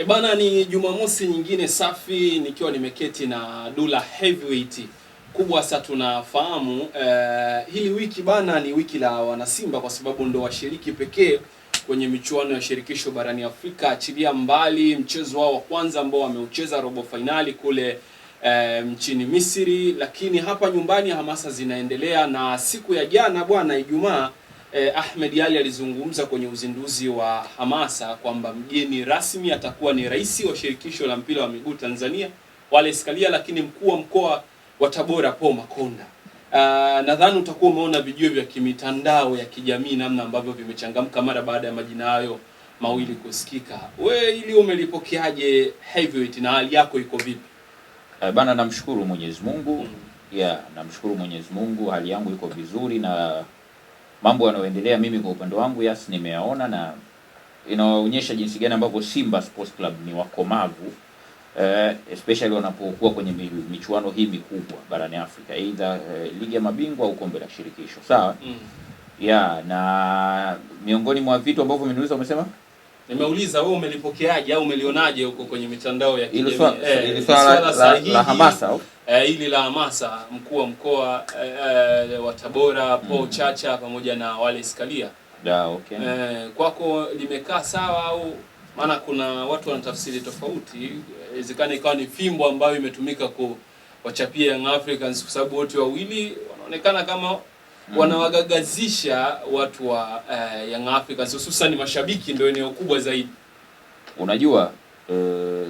E bana, ni Jumamosi nyingine safi nikiwa nimeketi na Dula Heavyweight. Kubwa sasa tunafahamu eh, hili wiki bana ni wiki la wanasimba kwa sababu ndo washiriki pekee kwenye michuano ya shirikisho barani Afrika, achilia mbali mchezo wao wa kwanza ambao wameucheza robo fainali kule eh, nchini um, Misri, lakini hapa nyumbani hamasa zinaendelea na siku ya jana bwana Ijumaa eh, Ahmed ali alizungumza kwenye uzinduzi wa hamasa kwamba mgeni rasmi atakuwa ni rais wa shirikisho la mpira wa miguu Tanzania Wallace Karia, lakini mkuu wa mkoa wa Tabora Paul Makonda. Uh, nadhani utakuwa umeona vijio vya kimitandao ya kijamii namna ambavyo vimechangamka mara baada ya majina hayo mawili kusikika. We ili umelipokeaje Heavyweight na hali yako iko vipi? Eh, bana, namshukuru Mwenyezi Mungu. Mm. Yeah, namshukuru Mwenyezi Mungu, hali yangu iko vizuri na mambo yanayoendelea, mimi kwa upande wangu yes, nimeyaona na inaonyesha jinsi gani ambavyo Simba Sports Club ni wakomavu eh, especially wanapokuwa kwenye michuano hii mikubwa barani Afrika, either eh, ligi ya mabingwa au kombe la shirikisho sawa. mm. Yeah, na miongoni mwa vitu ambavyo umeniuliza, umesema nimeuliza wewe umelipokeaje au umelionaje huko kwenye mitandao ya kijamii, eh, ile swala la, la, la hamasa Eh, hili e, la hamasa mkuu wa mkoa e, wa Tabora po mm. Chacha pamoja na wale iskalia da, okay. E, kwako limekaa sawa au maana kuna watu wanatafsiri tofauti, inawezekana ikawa ni fimbo ambayo imetumika kuwachapia Young Africans kwa sababu wote wawili wanaonekana kama Mm. wanawagagazisha watu wa uh, Young Africans hususan mashabiki ndio eneo kubwa zaidi. Unajua uh,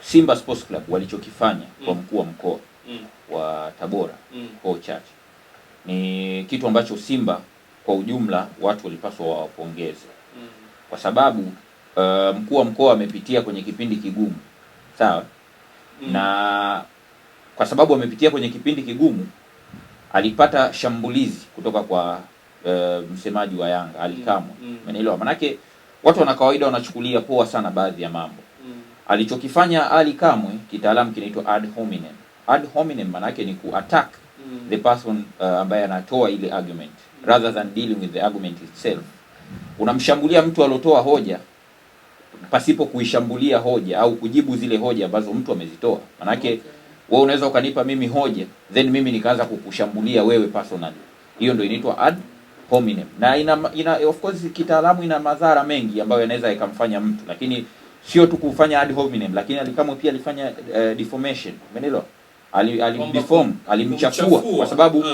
Simba Sports Club walichokifanya mm. kwa mkuu wa mkoa mm. wa Tabora mm. kwa uchache ni kitu ambacho Simba kwa ujumla watu walipaswa wawapongeze mm. kwa sababu uh, mkuu wa mkoa amepitia kwenye kipindi kigumu sawa mm. na kwa sababu amepitia kwenye kipindi kigumu alipata shambulizi kutoka kwa uh, msemaji wa Yanga Alikamwe mm. mm. Umeelewa? Manake watu wana kawaida wanachukulia poa sana baadhi ya mambo Alichokifanya Ali Kamwe kitaalamu kinaitwa ad hominem. Ad hominem maana yake ni ku attack mm. the person uh, ambaye anatoa ile argument rather than dealing with the argument itself. Unamshambulia mtu aliotoa hoja pasipo kuishambulia hoja au kujibu zile hoja ambazo mtu amezitoa. Maana yake okay. Wewe unaweza ukanipa mimi hoja then mimi nikaanza kukushambulia wewe personally. Hiyo ndio inaitwa ad hominem. Na ina, ina of course kitaalamu ina madhara mengi ambayo yanaweza ikamfanya mtu lakini sio tu kufanya ad hominem, lakini alikamwe pia alifanya uh, deformation. Umeelewa? Ali, deform alimchafua, kwa sababu uh,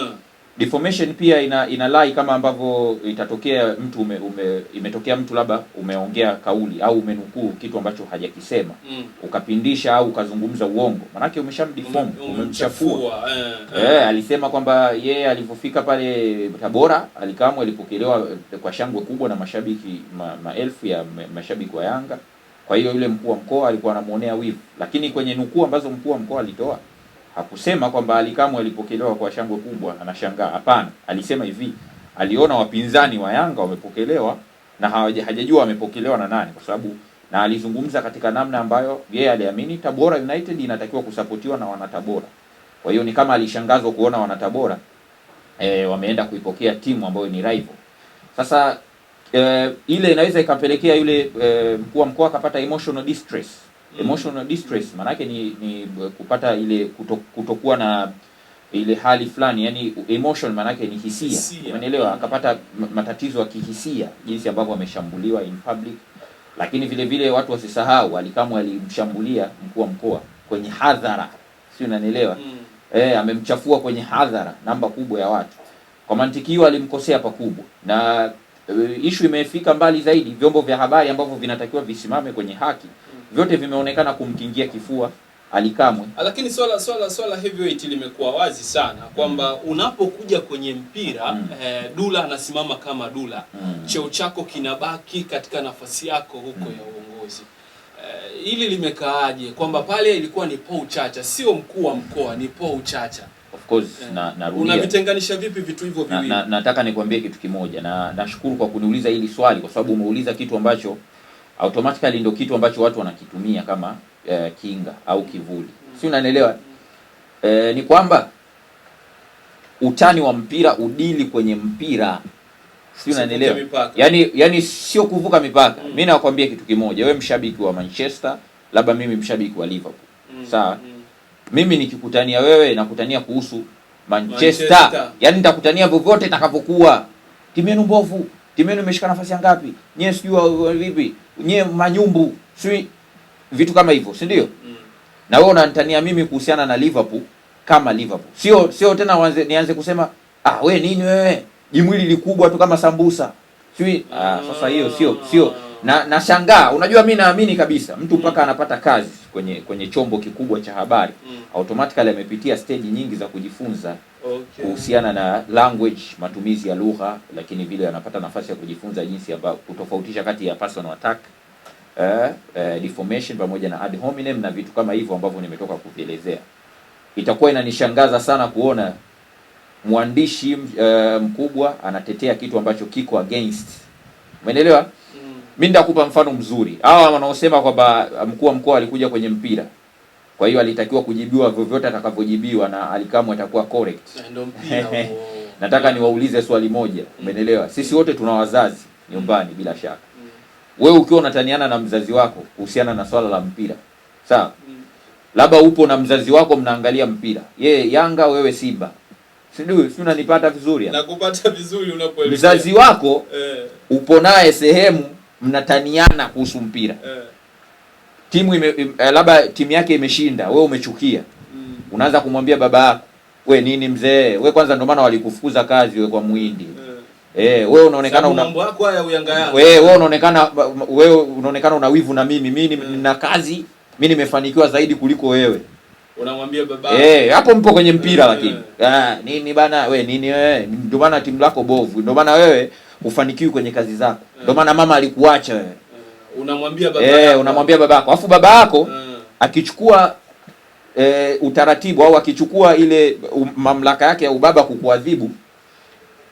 deformation pia ina inalai kama ambavyo itatokea mtu ume, ume, imetokea mtu labda umeongea kauli au umenukuu kitu ambacho hajakisema mm, ukapindisha au ukazungumza uongo, manake umeshamdeform umemchafua. Uh, uh, eh, alisema kwamba yeye alivofika pale Tabora alikamwe alipokelewa kwa shangwe kubwa na mashabiki ma, maelfu ya mashabiki wa Yanga kwa hiyo yule mkuu wa mkoa alikuwa anamuonea wivu, lakini kwenye nukuu ambazo mkuu wa mkoa alitoa hakusema kwamba Ally Kamwe alipokelewa kwa shangwe kubwa, anashangaa. Hapana, alisema hivi, aliona wapinzani wa Yanga wamepokelewa na hajajua wamepokelewa na nani, kwa sababu na alizungumza katika namna ambayo yeye aliamini Tabora United inatakiwa kusapotiwa na wanatabora. Kwa hiyo ni kama alishangazwa kuona wanatabora e, eh, wameenda kuipokea timu ambayo ni rival. Sasa eh, ile inaweza ikapelekea yule eh, mkuu wa mkoa akapata emotional distress. mm. Emotional distress maana yake ni, ni eh, kupata ile kuto, kutokuwa na ile hali fulani yani emotion maana yake ni hisia, umeelewa? Akapata matatizo ya kihisia jinsi ambavyo ameshambuliwa in public, lakini vile vile watu wasisahau Alikamwe alimshambulia mkuu wa mkoa kwenye hadhara, si unanielewa? mm. Eh, amemchafua kwenye hadhara namba kubwa ya watu, kwa mantiki hiyo alimkosea pakubwa na Eh, ishu imefika mbali zaidi, vyombo vya habari ambavyo vinatakiwa visimame kwenye haki vyote vimeonekana kumkingia kifua alikamwe ah, Lakini swala swala swala Heavyweight limekuwa wazi sana kwamba unapokuja kwenye mpira mm. eh, Dula anasimama kama Dula mm. cheo chako kinabaki katika nafasi yako huko mm. ya uongozi eh, ili limekaaje kwamba pale ilikuwa ni pou Chacha, sio mkuu wa mkoa, ni pou Chacha course yeah. na narudia. Unavitenganisha vipi vitu hivyo viwili? Na, na, nataka nikwambie kitu kimoja na nashukuru kwa kuniuliza hili swali kwa sababu umeuliza kitu ambacho automatically ndio kitu ambacho watu wanakitumia kama eh, kinga au kivuli. Mm. Si unanielewa? Eh, ni kwamba utani wa mpira udili kwenye mpira. Si unanielewa? Yaani yani sio kuvuka mipaka. Mm. Mimi nakwambia kitu kimoja, wewe mshabiki wa Manchester, labda mimi mshabiki wa Liverpool. Mm. Sawa? Mm. Mimi nikikutania wewe nakutania kuhusu Manchester. Manchester. Yaani nitakutania vyovyote itakavyokuwa. Timu yenu mbovu. Timu yenu imeshika nafasi ya ngapi? Nyie sijua vipi? Nyie manyumbu. Si vitu kama hivyo, si ndio? Mm. Na wewe unanitania mimi kuhusiana na Liverpool kama Liverpool. Sio sio tena wanze, nianze kusema ah we nini wewe? Jimwili likubwa tu kama sambusa. Sijui ah, sasa hiyo sio sio na nashangaa. Unajua, mi naamini kabisa mtu mpaka mm. anapata kazi kwenye kwenye chombo kikubwa cha habari mm. automatically amepitia stage nyingi za kujifunza okay. kuhusiana na language, matumizi ya lugha, lakini vile anapata nafasi ya kujifunza jinsi ya kutofautisha kati ya personal attack uh, uh, deformation pamoja na ad hominem na vitu kama hivyo ambavyo nimetoka kuvielezea. Itakuwa inanishangaza sana kuona mwandishi uh, mkubwa anatetea kitu ambacho kiko against, umeelewa? Mimi nitakupa mfano mzuri. Hawa wanaosema kwamba uh, mkuu wa mkoa alikuja kwenye mpira, kwa hiyo alitakiwa kujibiwa vyovyote atakavyojibiwa na alikamu atakuwa correct. Eh, Nataka niwaulize swali moja, umeelewa? Sisi mm. wote tuna wazazi nyumbani, bila shaka. Mm. Wewe ukiwa unataniana na mzazi wako kuhusiana na swala la mpira, sawa? Mm. Labda upo na mzazi wako mnaangalia mpira, yeye Yanga, wewe Simba, sijui si unanipata vizuri? Nakupata vizuri unapoelewa. Mzazi wako eh, upo naye sehemu mnataniana kuhusu mpira yeah. Timu ime, ime, eh, labda timu yake imeshinda, we umechukia mm. Unaanza kumwambia baba yako we nini mzee, we kwanza, ndio maana walikufukuza kazi we kwa muhindi eh. Eh, wewe unaonekana una mambo yako haya uyangayana. Wewe wewe unaonekana wewe unaonekana una wivu na mimi. Mimi yeah. nina kazi, mimi nimefanikiwa zaidi kuliko wewe. Unamwambia baba. Eh, hapo mpo kwenye mpira yeah. lakini. Ah, nini bana wewe nini wewe? Eh, ndio maana timu lako bovu. Ndio maana wewe ufanikiwi kwenye kazi zako, ndio yeah. maana mama alikuacha wewe. yeah. Unamwambia baba eh, yako eh, unamwambia baba yako, alafu baba yako yeah. akichukua e, utaratibu au akichukua ile um, mamlaka yake ya ubaba kukuadhibu,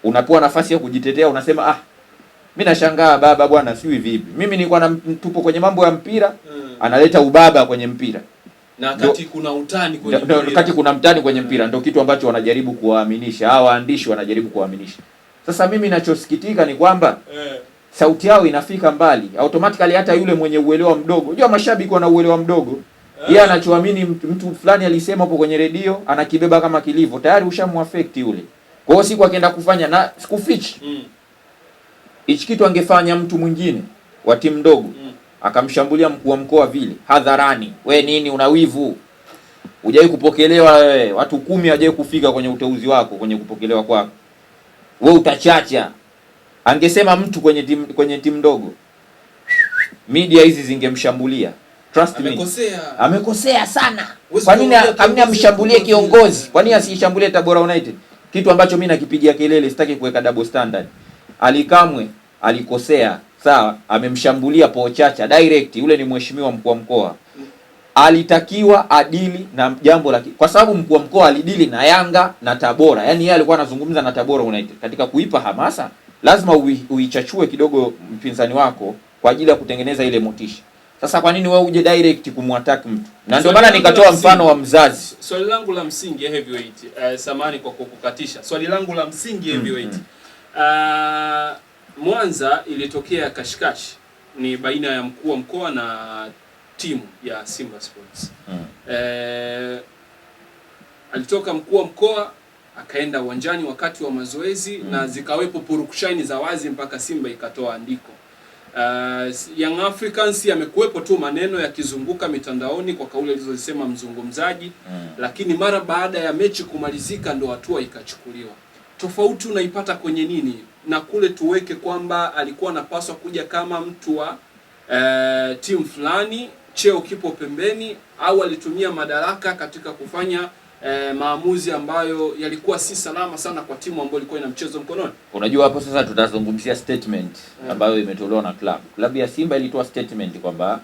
unapewa nafasi ya kujitetea, unasema ah, mimi nashangaa baba bwana, siwi vipi, mimi nilikuwa na tupo kwenye mambo ya mpira yeah. analeta ubaba kwenye mpira na wakati kuna utani kwenye mpira, wakati kuna mtani kwenye mpira, ndio kitu ambacho wanajaribu kuwaaminisha hawa waandishi, wanajaribu kuwaaminisha sasa mimi ninachosikitika ni kwamba eh, sauti yao inafika mbali automatically, hata yule mwenye uelewa mdogo, unajua mashabiki wana uelewa mdogo eh. yeye yeah, anachoamini mtu, mtu fulani alisema hapo kwenye redio anakibeba kama kilivyo, tayari ushamuaffect yule. Kwa hiyo siku akienda kufanya na sikufichi mm. hichi mm. kitu angefanya mtu mwingine wa timu ndogo mm. akamshambulia mkuu wa mkoa vile hadharani, we nini una wivu, hujawahi kupokelewa wewe, watu kumi hawajawahi kufika kwenye uteuzi wako, kwenye kupokelewa kwako wewe utachacha. Angesema mtu kwenye tim kwenye timu ndogo, media hizi zingemshambulia. Trust me, amekosea, amekosea sana. Kwa nini amna amshambulie kiongozi? Kwa nini asiishambulie Tabora United, kitu ambacho mimi nakipigia kelele? Sitaki kuweka double standard. Alikamwe alikosea, sawa, amemshambulia Paul Chacha direct. Yule ni mheshimiwa mkuu wa mkoa alitakiwa adili na jambo la kwa sababu mkuu wa mkoa alidili na Yanga na Tabora, yaani yeye alikuwa anazungumza na Tabora United. Katika kuipa hamasa, lazima uichachue kidogo mpinzani wako kwa ajili ya kutengeneza ile motisha. Sasa kwa nini wewe uje direct kumwattack mtu? Na ndio maana nikatoa mfano wa mzazi. Swali langu la msingi Heavyweight, uh, samani kwa kukukatisha. Swali langu la msingi mm-hmm. Heavyweight. Uh, Mwanza ilitokea kashikashi ni baina ya mkuu wa mkoa na timu ya Simba Sports hmm. Eh, alitoka mkuu wa mkoa akaenda uwanjani wakati wa mazoezi hmm. na zikawepo purukushani za wazi mpaka Simba ikatoa andiko. Uh, Young Africans yamekuwepo tu maneno yakizunguka mitandaoni kwa kauli alizozisema mzungumzaji mm. Lakini mara baada ya mechi kumalizika ndo hatua ikachukuliwa. Tofauti unaipata kwenye nini? Na kule tuweke kwamba alikuwa anapaswa kuja kama mtu wa uh, eh, timu fulani cheo kipo pembeni au alitumia madaraka katika kufanya E, maamuzi ambayo yalikuwa si salama sana kwa timu ambayo ilikuwa ina mchezo mkononi. Unajua hapo sasa tutazungumzia statement yeah, ambayo imetolewa na klabu. Klabu ya Simba ilitoa statement kwamba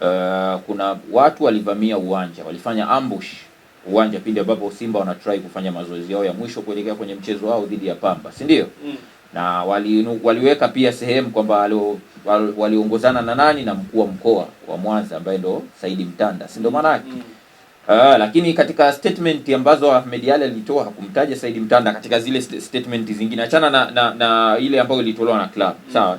uh, kuna watu walivamia uwanja, walifanya ambush uwanja pindi ambapo Simba wana try kufanya mazoezi yao ya mwisho kuelekea kwenye mchezo wao dhidi ya Pamba, si ndio? Mm na wali, waliweka pia sehemu kwamba waliongozana wali na nani na mkuu wa mkoa wa Mwanza ambaye ndo Saidi Mtanda, si ndo maana yake mm. Ah, lakini katika statement ambazo Ahmed Ally alitoa hakumtaja Saidi Mtanda katika zile statement zingine, achana na, na, na ile ambayo ilitolewa na club mm. sawa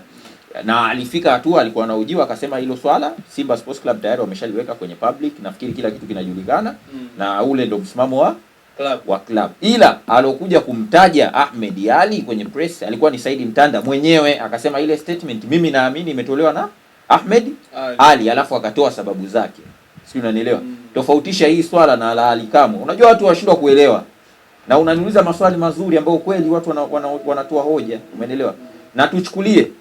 na alifika hatua alikuwa anaujiwa akasema hilo swala Simba Sports Club tayari wameshaliweka kwenye public, nafikiri kila kitu kinajulikana mm. na ule ndo msimamo wa club wa club, ila alokuja kumtaja Ahmed Ali kwenye press alikuwa ni Saidi Mtanda mwenyewe, akasema ile statement mimi naamini imetolewa na Ahmed Ali, Ali alafu akatoa sababu zake, sio unanielewa? mm. Tofautisha hii swala na la Ali Kamwe. Unajua watu washindwa kuelewa, na unaniuliza maswali mazuri ambayo kweli watu wanatoa wana, wana, wana hoja, umeelewa? mm. na tuchukulie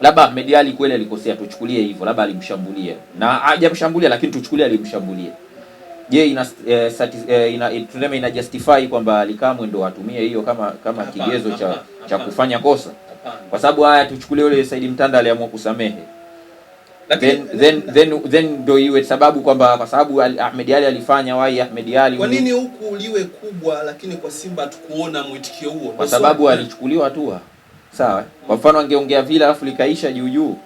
labda Ahmed Ali kweli alikosea, tuchukulie hivyo, labda alimshambulia na hajamshambulia, lakini tuchukulie alimshambulia Je, ina, eh, sati, eh, ina, eh, tuseme ina justify kwamba Alikamwe ndo atumie hiyo kama kama kigezo cha hapa, cha kufanya kosa hapa, kwa sababu haya tuchukulie yule Saidi Mtanda aliamua kusamehe then then then then ndo iwe sababu kwamba kwa sababu Ahmed Ali alifanya wai Ahmed Ali, Kwa nini huku liwe kubwa lakini kwa Simba tukuona mwitikio huo? Kwa sababu alichukuliwa hatua sawa. Kwa mfano angeongea vile afu likaisha juu juu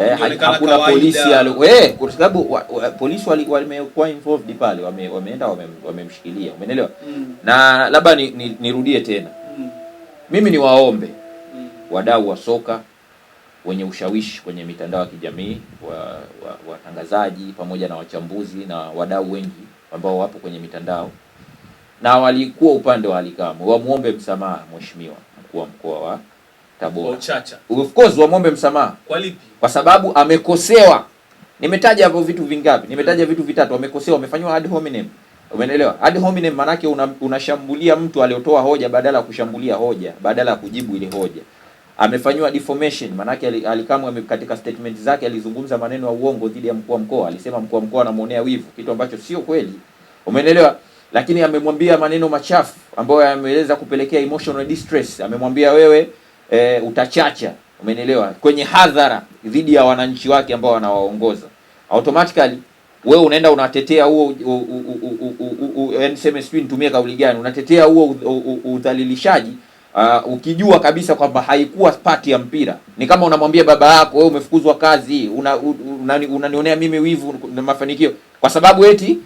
Eh, hakuna polisi eh, kwa sababu polisi wamekuwa involved pale, wameenda wamemshikilia, wame umeelewa mm. Na labda nirudie ni, ni tena mm. Mimi niwaombe mm. wadau wa soka wenye ushawishi kwenye mitandao ya kijamii watangazaji, wa, wa pamoja na wachambuzi na wadau wengi ambao wapo kwenye mitandao na walikuwa upande wa Ally wamwombe msamaha mheshimiwa mkuu wa mkoa wa Tabora. Of course wamwombe msamaha kwa lipi? Kwa sababu amekosewa. Nimetaja hapo vitu vingapi? Nimetaja vitu vitatu. Amekosewa, amefanywa ad hominem. Umeelewa? Ad hominem maana yake unashambulia una mtu aliyotoa hoja badala ya kushambulia hoja, badala ya kujibu ile hoja. Amefanywa defamation maana yake alikamwe, katika statement zake alizungumza maneno ya uongo dhidi ya mkuu wa mkoa. Alisema mkuu wa mkoa anamwonea wivu, kitu ambacho sio kweli. Umeelewa? Lakini amemwambia maneno machafu ambayo yameweza kupelekea emotional distress. Amemwambia wewe e, utachacha, umenielewa, kwenye hadhara dhidi ya wananchi wake ambao wanawaongoza, automatically wewe unaenda unatetea huo, yaani sijui nitumie kauli gani, unatetea huo udhalilishaji Uh, ukijua kabisa kwamba haikuwa pati ya mpira. Ni kama unamwambia baba yako wewe umefukuzwa kazi, unanionea una, una mimi wivu na mafanikio kwa sababu eti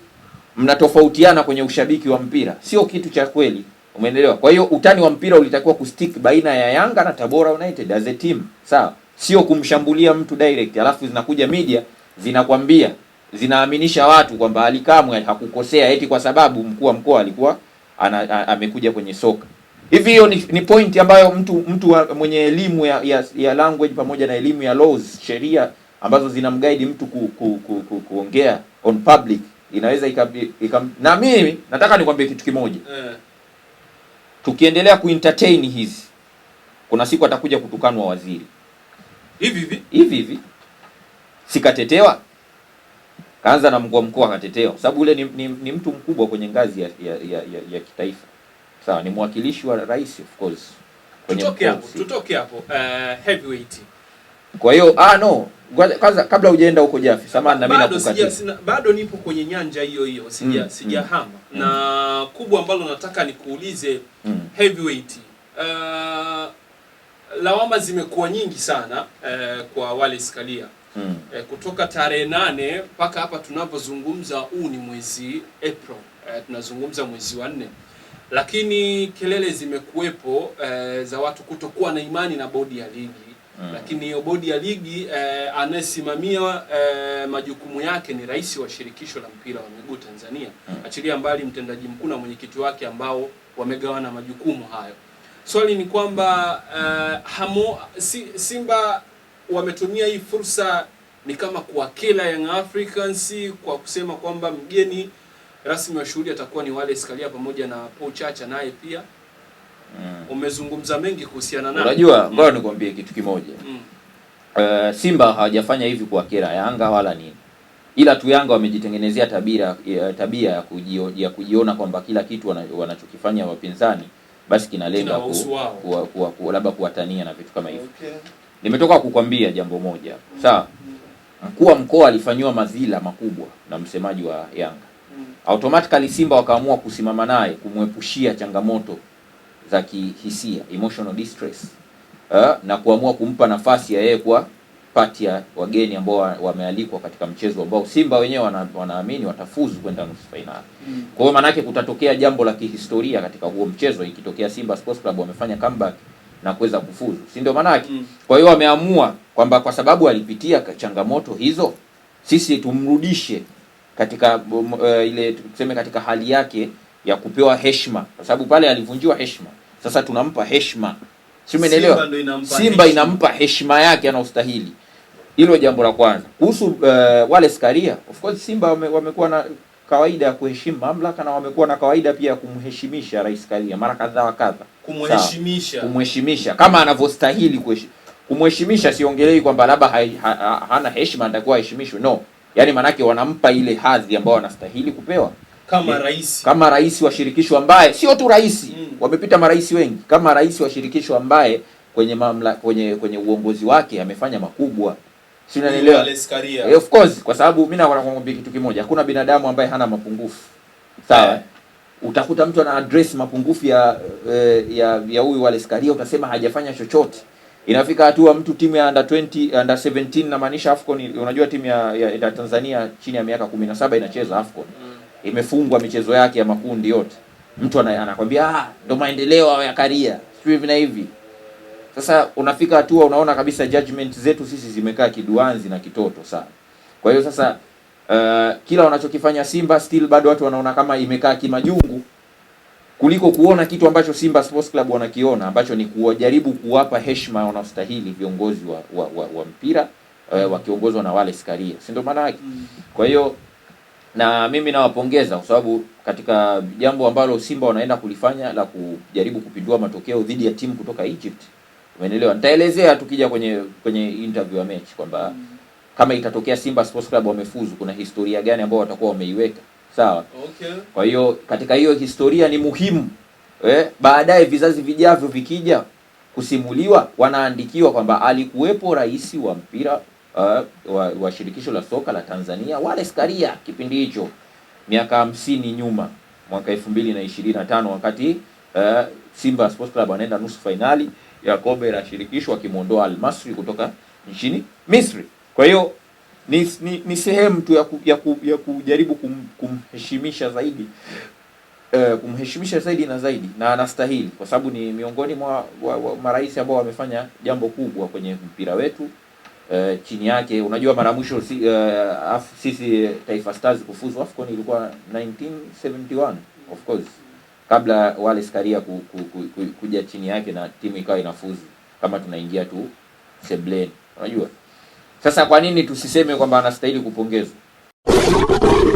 mnatofautiana kwenye ushabiki wa mpira, sio kitu cha kweli umeendelewa. Kwa hiyo utani wa mpira ulitakiwa kustick baina ya Yanga na Tabora United as a team, sawa? Sio kumshambulia mtu direct, alafu zinakuja media zinakwambia, zinaaminisha watu kwamba Ally hakukosea eti kwa sababu mkuu wa mkoa alikuwa ana, a, amekuja kwenye soka hivi. Hiyo ni, ni point ambayo mtu mtu wa, mwenye elimu ya, ya, ya language pamoja na elimu ya laws sheria ambazo zinamguide mtu ku, ku, ku, ku, kuongea on public inaweza ikam, ikam, na mimi nataka nikwambie kitu kimoja yeah tukiendelea kuentertain hizi, kuna siku atakuja kutukanwa waziri hivi hivi hivi hivi, sikatetewa kaanza na mkuu mkoa akatetewa, kwa sababu ule ni, ni, ni mtu mkubwa kwenye ngazi ya, ya, ya, ya kitaifa. Sawa, ni mwakilishi wa rais of course. Tutoke hapo, tutoke hapo. Uh, Heavyweight. Kwa hiyo ah no kwanza kabla hujaenda huko Jafi, samahani na mimi nakukatia. Bado nipo kwenye nyanja hiyo hiyo, sija mm, sijahama mm, na mm. kubwa ambalo nataka nikuulize mm, Heavyweight uh, lawama zimekuwa nyingi sana uh, kwa wale skalia mm, uh, kutoka tarehe nane mpaka hapa tunapozungumza, huu ni mwezi April uh, tunazungumza mwezi wa nne, lakini kelele zimekuwepo uh, za watu kutokuwa na imani na bodi ya ligi mm. Lakini hiyo bodi ya ligi eh, anayesimamia eh, majukumu yake ni rais wa shirikisho la mpira wa miguu Tanzania mm. Achilia mbali mtendaji mkuu na mwenyekiti wake ambao wamegawana majukumu hayo. Swali ni kwamba eh, hamo, si, Simba wametumia hii fursa ni kama kuwakela Young Africans kwa kusema kwamba mgeni rasmi wa shughuli atakuwa ni Wallace Karia pamoja na Paul Chacha naye pia mm. umezungumza mengi kuhusiana na Unajua, mm. ngoja mm. nikwambie kitu kimoja mm. Uh, Simba hawajafanya hivi kuwakera Yanga wala nini, ila tu Yanga wamejitengenezea tabia tabia ya, kujio, ya kujiona kwamba kila kitu wanachokifanya wapinzani basi kinalenga ku, ku, ku, ku, ku, labda kuwatania na vitu kama hivyo okay. Nimetoka kukwambia jambo moja mm. sawa mkuu wa mkoa alifanyiwa madhila makubwa na msemaji wa Yanga mm. Automatically Simba wakaamua kusimama naye kumwepushia changamoto za kihisia emotional distress uh, na kuamua kumpa nafasi ya yeye kuwa pati ya wageni ambao wamealikwa katika mchezo ambao Simba wenyewe wana, wanaamini watafuzu kwenda nusu fainali. Mm. Kwa hiyo maanake kutatokea jambo la kihistoria katika huo mchezo ikitokea Simba Sports Club wamefanya comeback na kuweza kufuzu, si ndio maanake? Mm. Kwa hiyo wameamua kwamba kwa sababu alipitia changamoto hizo, sisi tumrudishe katika uh, ile tuseme katika hali yake ya kupewa heshima, kwa sababu pale alivunjiwa heshima. Sasa tunampa heshima, si umeelewa? Simba inampa, Simba inampa heshima yake anaostahili. Hilo jambo la kwanza. Kuhusu uh, wale Skaria, of course Simba wame, wamekuwa na kawaida ya kuheshimu mamlaka na wamekuwa na kawaida pia ya kumheshimisha Rais Karia mara kadha wa kadha, kumheshimisha kumheshimisha kama anavyostahili kumheshimisha. Siongelei kwamba labda ha, ha, hana heshima, atakuwa aheshimishwe, no. Yaani maanake wanampa ile hadhi ambayo anastahili kupewa kama rais kama rais wa shirikisho ambaye sio tu rais mm. wamepita marais wengi, kama rais wa shirikisho ambaye kwenye mamla, kwenye kwenye uongozi wake amefanya makubwa, si unanielewa? E, of course, kwa sababu mimi na nakwambia kitu kimoja, hakuna binadamu ambaye hana mapungufu sawa yeah. Utakuta mtu ana address mapungufu ya eh, ya ya huyu wale skaria utasema hajafanya chochote. Inafika hatua mtu timu ya under 20 under 17 na maanisha AFCON, unajua timu ya, ya, ya Tanzania chini ya miaka 17 inacheza AFCON mm imefungwa michezo yake ya makundi yote. Mtu anakwambia ah, ndo maendeleo ya Karia sio hivi na hivi. Sasa unafika hatua unaona kabisa judgment zetu sisi zimekaa kiduanzi na kitoto sana. Kwa hiyo sasa uh, kila wanachokifanya Simba still bado watu wanaona kama imekaa kimajungu kuliko kuona kitu ambacho Simba Sports Club wanakiona ambacho ni kujaribu kuwapa heshima wanaostahili viongozi wa, wa, wa, wa mpira uh, wakiongozwa na Wallace Karia, si ndio maana yake? Mm. Kwa hiyo na mimi nawapongeza kwa sababu katika jambo ambalo Simba wanaenda kulifanya la kujaribu kupindua matokeo dhidi ya timu kutoka Egypt, umeelewa? Nitaelezea tukija kwenye kwenye interview ya mechi kwamba mm. kama itatokea Simba Sports Club wamefuzu, kuna historia gani ambayo watakuwa wameiweka, sawa? Okay. Kwa hiyo katika hiyo historia ni muhimu eh, baadaye vizazi vijavyo vikija kusimuliwa, wanaandikiwa kwamba alikuwepo rais wa mpira uh, wa, wa shirikisho la soka la Tanzania Wallace Karia kipindi hicho miaka hamsini nyuma mwaka elfu mbili na ishirini na tano wakati uh, Simba Sports Club anaenda nusu fainali ya kombe la shirikisho akimwondoa Al-Masri kutoka nchini Misri. Kwa hiyo ni, ni, ni sehemu tu ya, ku, ya, ku, ya kujaribu kum, kumheshimisha zaidi uh, kumheshimisha zaidi na zaidi, na anastahili kwa sababu ni miongoni mwa marais ambao wamefanya jambo kubwa kwenye mpira wetu. Eh, chini yake. Unajua mara mwisho si, uh, af, sisi Taifa Stars kufuzu AFCON ilikuwa 1971 of course, kabla wale Skaria ku, ku, ku, ku, kuja chini yake na timu ikawa inafuzu kama tunaingia tu sebleni. Unajua sasa, kwa nini tusiseme kwamba anastahili kupongezwa?